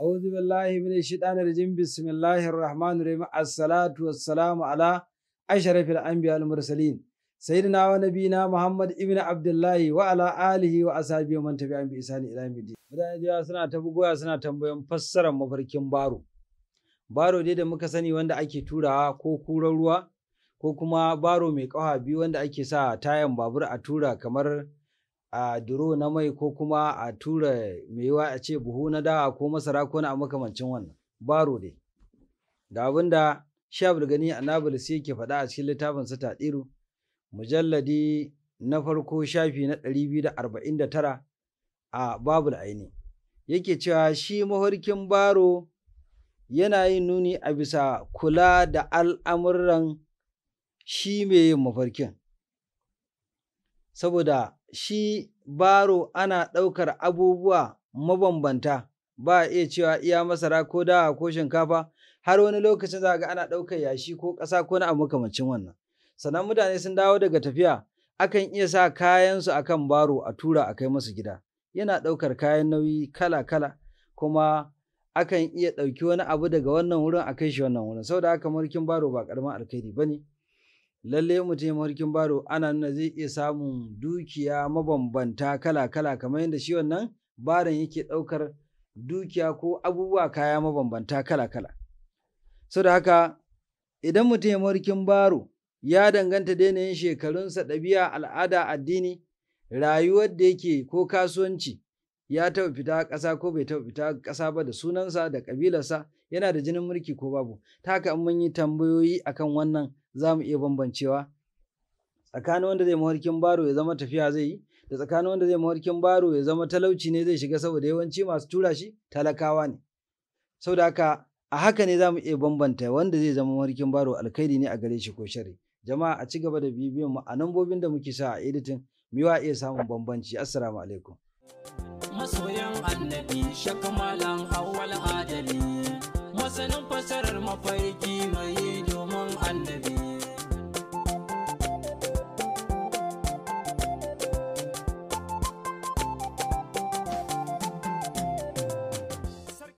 أعوذ بالله من الشيطان الرجيم بسم الله الرحمن الرحيم الصلاة والسلام على أشرف الأنبياء المرسلين سيدنا ونبينا محمد ابن عبد الله وعلى آله وأصحابه ومن تبعهم بإحسان إلى يوم الدين mutane da yawa suna ta bugowa suna tambayan fassarar mafarkin baro baro dai da muka sani wanda ake turawa ko kuran ruwa ko kuma baro mai ƙafa biyu wanda ake sa tayan babur a tura kamar a duro na mai ko kuma a tura maiwa a ce buhu na dawa ko masara ko na makamancin wannan baro dai ga abin da bulgani gani annabilis yake faɗa a cikin littafin sa taɗiru mujalladi na farko shafi na 249 a babul aini yake cewa shi mafarkin baro yana yin nuni a bisa kula da al'amuran shi mai yin mafarkin saboda shi baro ana ɗaukar abubuwa mabambanta ba a iya cewa iya masara ko dawa ko shinkafa har wani lokacin za ga ana ɗaukar yashi ko ƙasa ko na abu makamancin wannan sannan mutane sun dawo daga tafiya akan iya sa kayansu akan baro a tura a kai masu gida yana ɗaukar kayan nauyi kala kala kuma akan iya ɗauki wani abu daga wannan wurin a kai shi wannan wurin saboda haka mulkin baro ba ƙaramin alkhairi ba ne lalle mutum mawarkin baro ana nuna zai iya samun dukiya mabambanta kala-kala kamar yadda shi wannan baron yake ɗaukar dukiya ko abubuwa kaya mabambanta kala-kala. So da haka idan mutum ya mawarkin baro ya danganta da yanayin shekarunsa ɗabi'a al'ada addini rayuwar da yake ko kasuwanci ya taɓa fita ƙasa ko bai taɓa fita ƙasa ba da sunansa da ƙabilarsa yana da jinin mulki ko babu ta haka mun yi tambayoyi akan wannan za mu iya bambancewa tsakanin wanda zai mawarkin baro ya zama tafiya zai yi da tsakanin wanda zai mawarkin baro ya zama talauci ne zai shiga saboda yawanci masu tura shi talakawa ne saboda haka a haka ne za mu iya bambanta wanda zai zama mawarkin baro alkhairi ne a gare shi ko shari jama'a a ci gaba da bibiyan mu a nambobin da muke sa a editin miwa iya samun bambanci assalamu alaikum masoyan annabi shakamalan awwal adali masanin fasarar mafarki mai domin annabi